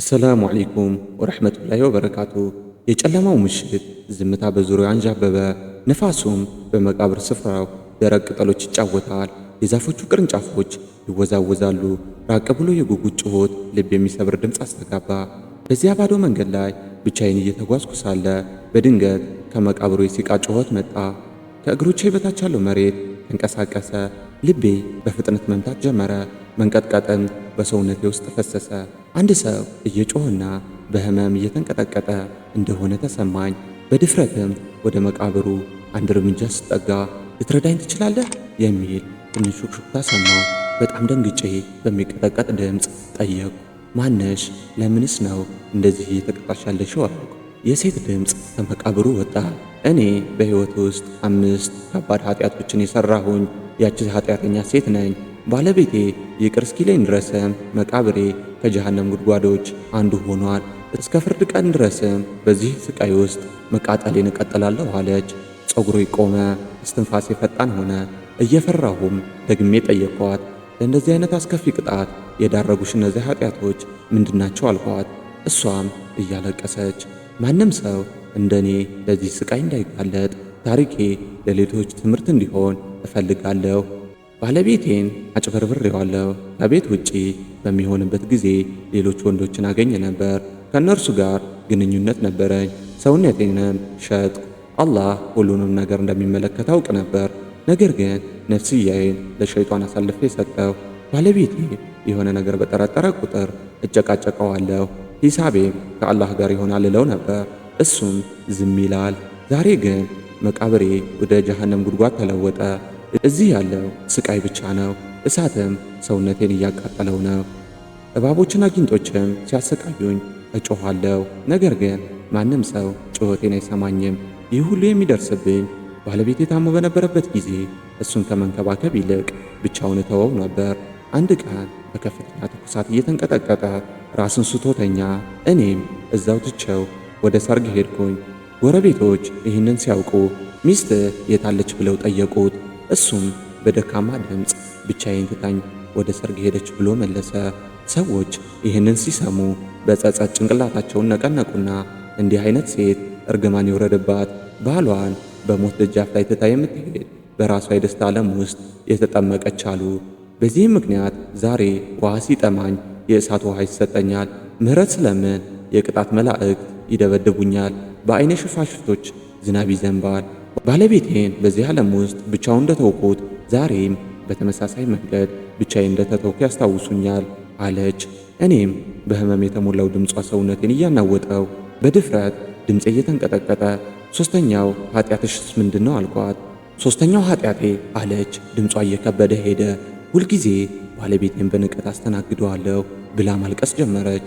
አሰላሙ ዓለይኩም ወረሕመቱላሂ ወበረካቱ። የጨለማው ምሽት ዝምታ በዙሪያው አንዣበበ። ነፋሱም በመቃብር ስፍራው ደረቅ ቅጠሎች ይጫወታል። የዛፎቹ ቅርንጫፎች ይወዛወዛሉ። ራቅ ብሎ የጉጉት ጩኸት ልብ የሚሰብር ድምፅ አስተጋባ። በዚያ ባዶ መንገድ ላይ ብቻዬን እየተጓዝኩ ሳለ በድንገት ከመቃብሩ የሲቃ ጩኸት መጣ። ከእግሮቼ በታች ያለው መሬት ተንቀሳቀሰ። ልቤ በፍጥነት መምታት ጀመረ። መንቀጥቀጥም በሰውነቴ ውስጥ ፈሰሰ። አንድ ሰው እየጮህና በህመም እየተንቀጠቀጠ እንደሆነ ተሰማኝ። በድፍረትም ወደ መቃብሩ አንድ እርምጃ ስጠጋ ልትረዳኝ ትችላለህ የሚል ትንሽ ሹክሹክታ ሰማ። በጣም ደንግጬ በሚቀጠቀጥ ድምፅ ጠየቁ። ማነሽ? ለምንስ ነው እንደዚህ እየተቀጣሽ ያለሽው? አልኩ። የሴት ድምፅ ከመቃብሩ ወጣ። እኔ በሕይወት ውስጥ አምስት ከባድ ኃጢአቶችን የሠራሁኝ ያቺ ኃጢአተኛ ሴት ነኝ። ባለቤቴ ይቅር እስኪለኝ ድረስም መቃብሬ ከጀሃነም ጉድጓዶች አንዱ ሆኗል። እስከ ፍርድ ቀን ድረስም በዚህ ስቃይ ውስጥ መቃጠሌን እቀጥላለሁ አለች። ጸጉሮ ቆመ፣ እስትንፋሴ ፈጣን ሆነ። እየፈራሁም ደግሜ ጠየኳት። ለእንደዚህ አይነት አስከፊ ቅጣት የዳረጉሽ እነዚህ ኃጢአቶች ምንድናቸው አልኳት። እሷም እያለቀሰች ማንም ሰው እንደኔ ለዚህ ስቃይ እንዳይጋለጥ ታሪኬ ለሌሎች ትምህርት እንዲሆን እፈልጋለሁ። ባለቤቴን አጭበርብሬዋለሁ። ከቤት ውጪ በሚሆንበት ጊዜ ሌሎች ወንዶችን አገኘ ነበር። ከእነርሱ ጋር ግንኙነት ነበረኝ። ሰውነቴንም ሸጥኩ። አላህ ሁሉንም ነገር እንደሚመለከት አውቅ ነበር። ነገር ግን ነፍስያዬን ለሸይጧን አሳልፌ ሰጠው። ባለቤቴ የሆነ ነገር በጠረጠረ ቁጥር እጨቃጨቀዋለሁ። ሂሳቤም ከአላህ ጋር ይሆናል እለው ነበር፣ እሱም ዝም ይላል። ዛሬ ግን መቃብሬ ወደ ጀሃነም ጉድጓድ ተለወጠ። እዚህ ያለው ስቃይ ብቻ ነው። እሳትም ሰውነቴን እያቃጠለው ነው። እባቦችና ጊንጦችም ሲያሰቃዩኝ እጮኋለሁ። ነገር ግን ማንም ሰው ጩኸቴን አይሰማኝም። ይህ ሁሉ የሚደርስብኝ ባለቤቴ ታሞ በነበረበት ጊዜ እሱን ከመንከባከብ ይልቅ ብቻውን እተወው ነበር። አንድ ቀን በከፍተኛ ትኩሳት እየተንቀጠቀጠ ራስን ስቶተኛ እኔም እዛው ትቸው ወደ ሰርግ ሄድኩኝ። ጎረቤቶች ይህንን ሲያውቁ ሚስት የታለች ብለው ጠየቁት። እሱም በደካማ ድምፅ ብቻዬን ትታኝ ወደ ሰርግ ሄደች ብሎ መለሰ። ሰዎች ይህንን ሲሰሙ በጸጸት ጭንቅላታቸውን ነቀነቁና እንዲህ አይነት ሴት እርግማን ይውረድባት፣ ባሏን በሞት ደጃፍ ላይ ትታ የምትሄድ በራሷ የደስታ ዓለም ውስጥ የተጠመቀች አሉ። በዚህም ምክንያት ዛሬ ውሃ ሲጠማኝ የእሳት ውሃ ይሰጠኛል፣ ምሕረት ስለምን የቅጣት መላእክት ይደበድቡኛል፣ በዐይነ ሽፋሽፍቶች ዝናብ ይዘንባል ባለቤቴን በዚህ ዓለም ውስጥ ብቻው እንደተውኩት ዛሬም በተመሳሳይ መንገድ ብቻዬ እንደተተውኩ ያስታውሱኛል አለች። እኔም በህመም የተሞላው ድምጿ ሰውነቴን እያናወጠው በድፍረት ድምፄ እየተንቀጠቀጠ ሶስተኛው ኃጢአትሽስ ምንድን ነው አልኳት። ሶስተኛው ኃጢአቴ አለች ድምጿ እየከበደ ሄደ። ሁልጊዜ ባለቤቴን በንቀት አስተናግደዋለሁ ብላ ማልቀስ ጀመረች።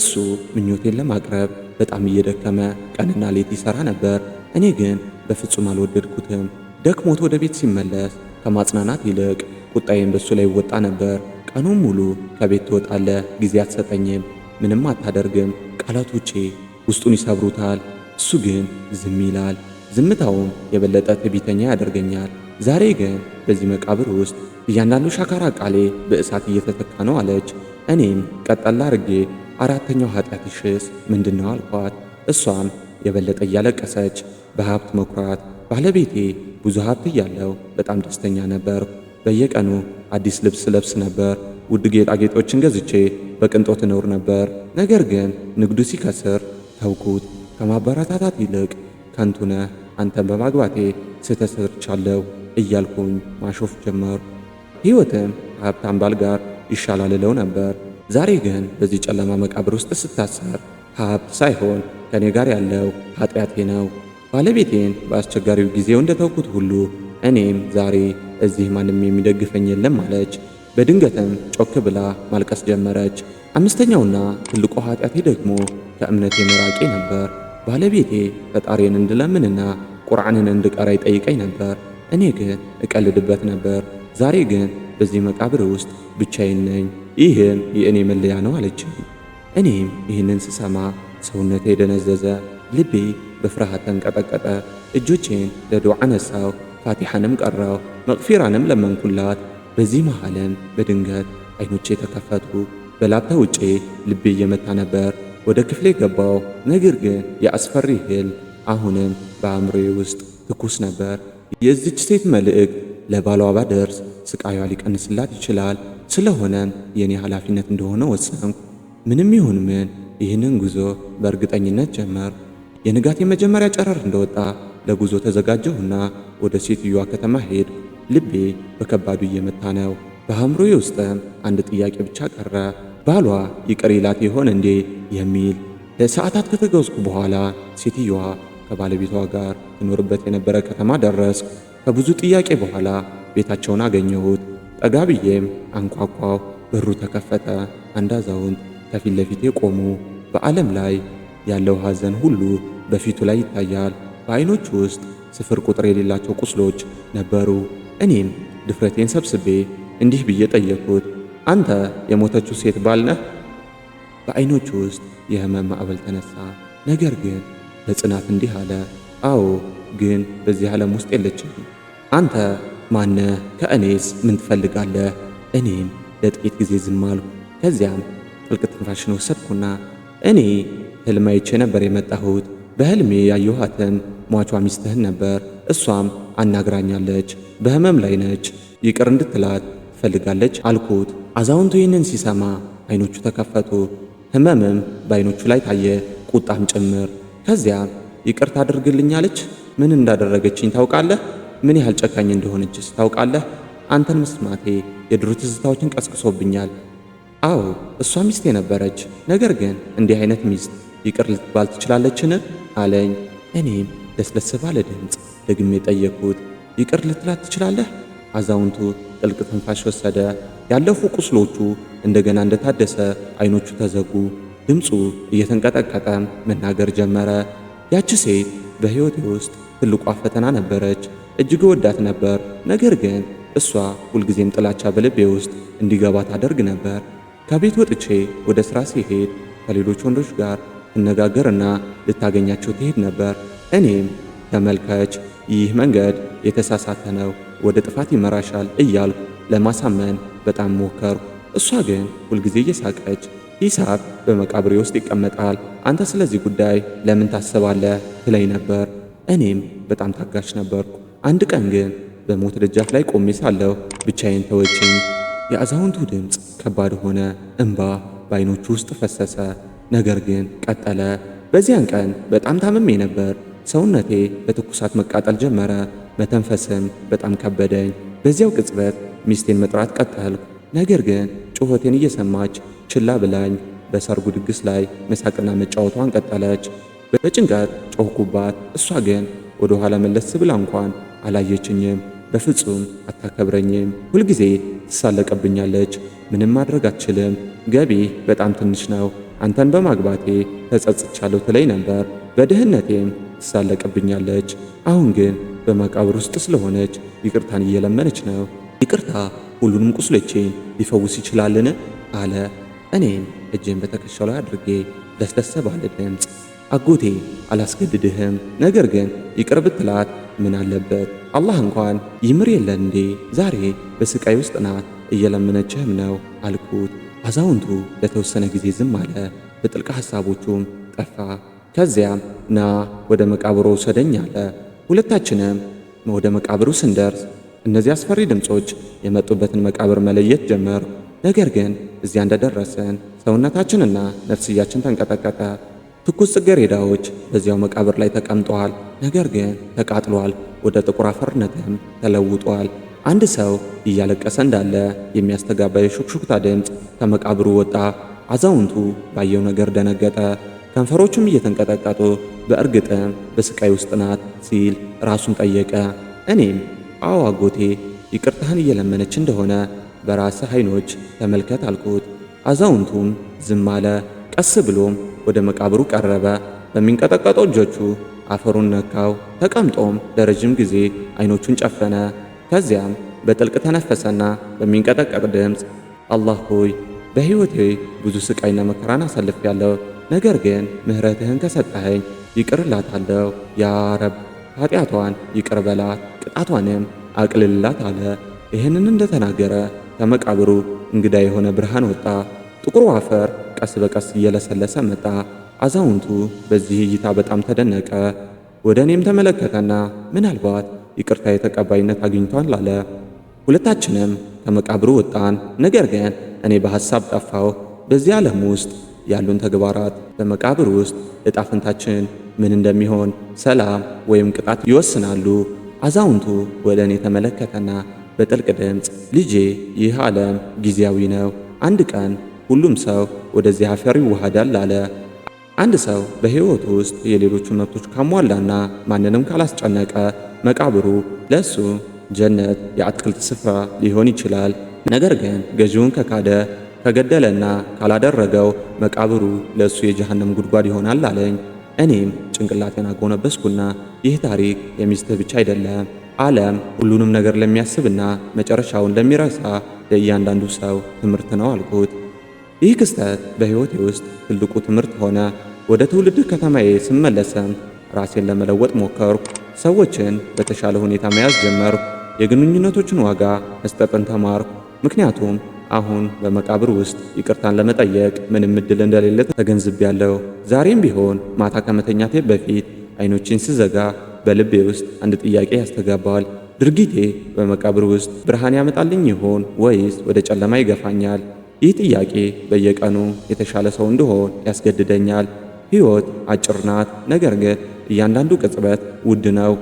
እሱ ምኞቴን ለማቅረብ በጣም እየደከመ ቀንና ሌት ይሠራ ነበር። እኔ ግን በፍጹም አልወደድኩትም። ደክሞት ወደ ቤት ሲመለስ ከማጽናናት ይልቅ ቁጣዬን በሱ ላይ ወጣ ነበር። ቀኑን ሙሉ ከቤት ትወጣለ፣ ጊዜ አትሰጠኝም፣ ምንም አታደርግም። ቃላቶቼ ውስጡን ይሰብሩታል። እሱ ግን ዝም ይላል። ዝምታውም የበለጠ ትዕቢተኛ ያደርገኛል። ዛሬ ግን በዚህ መቃብር ውስጥ እያንዳንዱ ሻካራ ቃሌ በእሳት እየተተካ ነው አለች። እኔም ቀጠላ ርጌ አራተኛው ኃጢአትሽስ ምንድነው አልኳት። እሷም የበለጠ እያለቀሰች በሀብት መኩራት ባለቤቴ ብዙ ሀብት እያለው በጣም ደስተኛ ነበር። በየቀኑ አዲስ ልብስ ለብስ ነበር። ውድ ጌጣጌጦችን ገዝቼ በቅንጦት እኖር ነበር። ነገር ግን ንግዱ ሲከስር ተውኩት። ከማበረታታት ይልቅ ከንቱነ አንተን በማግባቴ ስህተት ሰርቻለሁ እያልኩኝ ማሾፍ ጀመር። ሕይወትም ከሀብታም ባል ጋር ይሻላል እለው ነበር። ዛሬ ግን በዚህ ጨለማ መቃብር ውስጥ ስታሰር ሀብት ሳይሆን ከእኔ ጋር ያለው ኃጢአቴ ነው። ባለቤቴን በአስቸጋሪው ጊዜው እንደተውኩት ሁሉ እኔም ዛሬ እዚህ ማንም የሚደግፈኝ የለም አለች። በድንገትም ጮክ ብላ ማልቀስ ጀመረች። አምስተኛውና ትልቁ ኃጢአቴ ደግሞ ከእምነቴ መራቄ ነበር። ባለቤቴ ፈጣሪን እንድለምንና ቁርአንን እንድቀራ ይጠይቀኝ ነበር። እኔ ግን እቀልድበት ነበር። ዛሬ ግን በዚህ መቃብር ውስጥ ብቻዬን ነኝ። ይህም የእኔ መለያ ነው አለችኝ። እኔም ይህንን ስሰማ ሰውነቴ ደነዘዘ፣ ልቤ በፍርሃት ተንቀጠቀጠ። እጆቼን ለዱዓ አነሳው ፋቲሐንም ቀራው፣ መቅፊራንም ለመንኩላት። በዚህ መሃልም በድንገት አይኖቼ ተከፈቱ። በላታ ውጪ ልቤ እየመታ ነበር። ወደ ክፍሌ ገባው። ነገር ግን የአስፈሪ ህል አሁንም በአእምሮዬ ውስጥ ትኩስ ነበር። የዚች ሴት መልእክት ለባሏ ባደርስ ስቃዩዋ ሊቀንስላት ይችላል። ስለሆነም የእኔ ኃላፊነት እንደሆነ ወሰንኩ። ምንም ይሁን ምን ይህንን ጉዞ በእርግጠኝነት ጀመር። የንጋት የመጀመሪያ ጨረር እንደወጣ ለጉዞ ተዘጋጀሁና ወደ ሴትዮዋ ከተማ ሄድ። ልቤ በከባዱ እየመታ ነው። በአእምሮዬ ውስጥም አንድ ጥያቄ ብቻ ቀረ፣ ባሏ ይቅር ይላት ይሆን እንዴ የሚል። ለሰዓታት ከተጓዝኩ በኋላ ሴትዮዋ ከባለቤቷ ጋር ትኖርበት የነበረ ከተማ ደረስኩ። ከብዙ ጥያቄ በኋላ ቤታቸውን አገኘሁት። ጠጋ ብዬም አንኳኳሁ። በሩ ተከፈተ። አንድ አዛውንት ከፊት ለፊቴ ቆሙ። በዓለም ላይ ያለው ሐዘን ሁሉ በፊቱ ላይ ይታያል። በዓይኖቹ ውስጥ ስፍር ቁጥር የሌላቸው ቁስሎች ነበሩ። እኔም ድፍረቴን ሰብስቤ እንዲህ ብዬ ጠየቅኩት፣ አንተ የሞተችው ሴት ባል ነህ? በዓይኖቹ ውስጥ የህመም ማዕበል ተነሳ። ነገር ግን በጽናት እንዲህ አለ፣ አዎ፣ ግን በዚህ ዓለም ውስጥ የለችም። አንተ ማነህ? ከእኔስ ምን ትፈልጋለህ? እኔም ለጥቂት ጊዜ ዝም አልኩ። ከዚያም ጥልቅ ትንፋሽን ወሰድኩና እኔ ህልም አይቼ ነበር የመጣሁት በህልሜ ያየኋትን ሟቿ ሚስትህን ነበር። እሷም አናግራኛለች። በህመም ላይ ነች፣ ይቅር እንድትላት ትፈልጋለች አልኩት። አዛውንቱ ይህንን ሲሰማ አይኖቹ ተከፈቱ። ህመምም በአይኖቹ ላይ ታየ፣ ቁጣም ጭምር። ከዚያ ይቅር ታደርግልኛለች? ምን እንዳደረገችኝ ታውቃለህ? ምን ያህል ጨካኝ እንደሆነችስ ታውቃለህ? አንተን መስማቴ የድሮ ትዝታዎችን ቀስቅሶብኛል። አዎ እሷ ሚስቴ ነበረች። ነገር ግን እንዲህ አይነት ሚስት ይቅር ልትባል ትችላለችን? አለኝ። እኔም ለስለስ ባለ ድምፅ ደግሜ የጠየኩት ይቅር ልትላት ትችላለህ? አዛውንቱ ጥልቅ ትንፋሽ ወሰደ። ያለፉ ቁስሎቹ እንደገና እንደታደሰ አይኖቹ ተዘጉ። ድምፁ እየተንቀጠቀጠ መናገር ጀመረ። ያቺ ሴት በሕይወቴ ውስጥ ትልቋ ፈተና ነበረች። እጅግ ወዳት ነበር። ነገር ግን እሷ ሁልጊዜም ጥላቻ በልቤ ውስጥ እንዲገባ ታደርግ ነበር። ከቤት ወጥቼ ወደ ሥራ ሲሄድ ከሌሎች ወንዶች ጋር ትነጋገርና ልታገኛቸው ትሄድ ነበር። እኔም ተመልከች፣ ይህ መንገድ የተሳሳተ ነው፣ ወደ ጥፋት ይመራሻል እያልኩ ለማሳመን በጣም ሞከርኩ። እሷ ግን ሁልጊዜ እየሳቀች ሂሳብ በመቃብሬ ውስጥ ይቀመጣል፣ አንተ ስለዚህ ጉዳይ ለምን ታስባለህ ትለኝ ነበር። እኔም በጣም ታጋሽ ነበርኩ። አንድ ቀን ግን በሞት ደጃፍ ላይ ቆሜ ሳለሁ ብቻዬን ተወችኝ። የአዛውንቱ ድምፅ ከባድ ሆነ፣ እንባ በአይኖቹ ውስጥ ፈሰሰ። ነገር ግን ቀጠለ። በዚያን ቀን በጣም ታምሜ ነበር። ሰውነቴ በትኩሳት መቃጠል ጀመረ፣ መተንፈስም በጣም ከበደኝ። በዚያው ቅጽበት ሚስቴን መጥራት ቀጠልኩ። ነገር ግን ጩኸቴን እየሰማች ችላ ብላኝ በሰርጉ ድግስ ላይ መሳቅና መጫወቷን ቀጠለች። በጭንቀት ጮኽኩባት። እሷ ግን ወደ ኋላ መለስ ብላ እንኳን አላየችኝም። በፍጹም አታከብረኝም፣ ሁልጊዜ ትሳለቀብኛለች፣ ምንም ማድረግ አትችልም፣ ገቢ በጣም ትንሽ ነው፣ አንተን በማግባቴ ተጸጽቻለሁ ትለይ ነበር። በድህነቴም ትሳለቀብኛለች። አሁን ግን በመቃብር ውስጥ ስለሆነች ይቅርታን እየለመነች ነው። ይቅርታ ሁሉንም ቁስሎቼን ሊፈውስ ይችላልን? አለ። እኔም እጄን በትከሻው ላይ አድርጌ ለስለስ ባለ ድምፅ አጎቴ አላስገድድህም፣ ነገር ግን ይቅር ብትላት ምን አለበት? አላህ እንኳን ይምር የለ እንዴ? ዛሬ በስቃይ ውስጥ ናት፣ እየለመነችህም ነው አልኩት። አዛውንቱ ለተወሰነ ጊዜ ዝም አለ፣ በጥልቅ ሐሳቦቹም ጠፋ። ከዚያም ና ወደ መቃብሩ ውሰደኝ አለ። ሁለታችንም ወደ መቃብሩ ስንደርስ እነዚህ አስፈሪ ድምፆች የመጡበትን መቃብር መለየት ጀመር። ነገር ግን እዚያ እንደደረስን ሰውነታችንና ነፍስያችን ተንቀጠቀጠ። ትኩስ ጽጌረዳዎች በዚያው መቃብር ላይ ተቀምጠዋል፣ ነገር ግን ተቃጥሏል፣ ወደ ጥቁር አፈርነትም ተለውጧል። አንድ ሰው እያለቀሰ እንዳለ የሚያስተጋባ የሹክሹክታ ድምፅ ከመቃብሩ ወጣ። አዛውንቱ ባየው ነገር ደነገጠ፣ ከንፈሮቹም እየተንቀጠቀጡ በእርግጥም በስቃይ ውስጥ ናት ሲል ራሱን ጠየቀ። እኔም አዎ አጎቴ ይቅርታህን እየለመነች እንደሆነ በራስህ አይኖች ተመልከት አልኩት። አዛውንቱም ዝም አለ። ቀስ ብሎም ወደ መቃብሩ ቀረበ። በሚንቀጠቀጠው እጆቹ አፈሩን ነካው። ተቀምጦም ለረጅም ጊዜ አይኖቹን ጨፈነ። ከዚያም በጥልቅ ተነፈሰና በሚንቀጠቀጥ ድምፅ አላህ ሆይ በሕይወቴ ብዙ ስቃይና መከራን አሳልፌያለሁ። ነገር ግን ምሕረትህን ከሰጠኸኝ ይቅርላት አለው ያ ረብ ኃጢአቷን ይቅርበላት ቅጣቷንም አቅልልላት አለ። ይህንን እንደተናገረ ከመቃብሩ እንግዳ የሆነ ብርሃን ወጣ። ጥቁሩ አፈር ቀስ በቀስ እየለሰለሰ መጣ። አዛውንቱ በዚህ እይታ በጣም ተደነቀ። ወደ እኔም ተመለከተና ምናልባት ይቅርታ ተቀባይነት አግኝቷል አለ። ሁለታችንም ከመቃብሩ ወጣን። ነገር ግን እኔ በሐሳብ ጠፋው። በዚህ ዓለም ውስጥ ያሉን ተግባራት በመቃብር ውስጥ ዕጣ ምን እንደሚሆን ሰላም ወይም ቅጣት ይወስናሉ። አዛውንቱ ወደ እኔ ተመለከተና በጥልቅ ድምፅ ልጄ፣ ይህ ዓለም ጊዜያዊ ነው። አንድ ቀን ሁሉም ሰው ወደዚህ አፈር ይዋሃዳል አለ። አንድ ሰው በሕይወቱ ውስጥ የሌሎቹን መብቶች ካሟላና ማንንም ካላስጨነቀ መቃብሩ ለእሱ ጀነት የአትክልት ስፍራ ሊሆን ይችላል። ነገር ግን ገዢውን ከካደ ከገደለና ካላደረገው መቃብሩ ለእሱ የጀሃነም ጉድጓድ ይሆናል አለኝ። እኔም ጭንቅላቴን አጎነበስኩና ይህ ታሪክ የሚስትህ ብቻ አይደለም፣ ዓለም ሁሉንም ነገር ለሚያስብና መጨረሻውን ለሚረሳ ለእያንዳንዱ ሰው ትምህርት ነው አልኩት። ይህ ክስተት በሕይወቴ ውስጥ ትልቁ ትምህርት ሆነ። ወደ ትውልድ ከተማዬ ስመለስም ራሴን ለመለወጥ ሞከርኩ። ሰዎችን በተሻለ ሁኔታ መያዝ ጀመርኩ። የግንኙነቶችን ዋጋ መስጠትን ተማርኩ። ምክንያቱም አሁን በመቃብር ውስጥ ይቅርታን ለመጠየቅ ምንም እድል እንደሌለ ተገንዝቤያለሁ። ዛሬም ቢሆን ማታ ከመተኛቴ በፊት አይኖችን ስዘጋ በልቤ ውስጥ አንድ ጥያቄ ያስተጋባል። ድርጊቴ በመቃብር ውስጥ ብርሃን ያመጣልኝ ይሆን ወይስ ወደ ጨለማ ይገፋኛል? ይህ ጥያቄ በየቀኑ የተሻለ ሰው እንድሆን ያስገድደኛል። ሕይወት አጭር ናት፣ ነገር ግን እያንዳንዱ ቅጽበት ውድ ነው።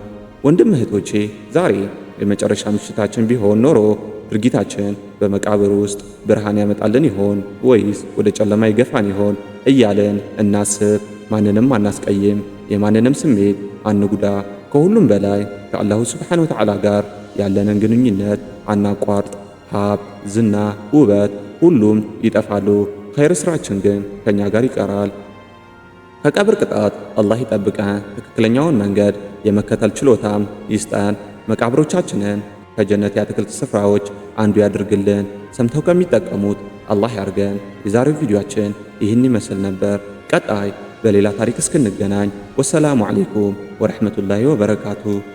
ወንድም እህቶቼ፣ ዛሬ የመጨረሻ ምሽታችን ቢሆን ኖሮ ድርጊታችን በመቃብር ውስጥ ብርሃን ያመጣልን ይሆን ወይስ ወደ ጨለማ ይገፋን ይሆን እያለን እናስብ። ማንንም አናስቀይም፣ የማንንም ስሜት አንጉዳ። ከሁሉም በላይ ከአላሁ ስብሓነ ወተዓላ ጋር ያለንን ግንኙነት አናቋርጥ። ሀብ፣ ዝና፣ ውበት ሁሉም ይጠፋሉ፣ ኸይር ስራችን ግን ከእኛ ጋር ይቀራል። ከቀብር ቅጣት አላህ ይጠብቀን፣ ትክክለኛውን መንገድ የመከተል ችሎታም ይስጠን፣ መቃብሮቻችንን ከጀነት የአትክልት ስፍራዎች አንዱ ያድርግልን፣ ሰምተው ከሚጠቀሙት አላህ ያርገን። የዛሬው ቪዲዮአችን ይህን ይመስል ነበር። ቀጣይ በሌላ ታሪክ እስክንገናኝ ወሰላሙ ዓለይኩም ወረሕመቱላሂ ወበረካቱ።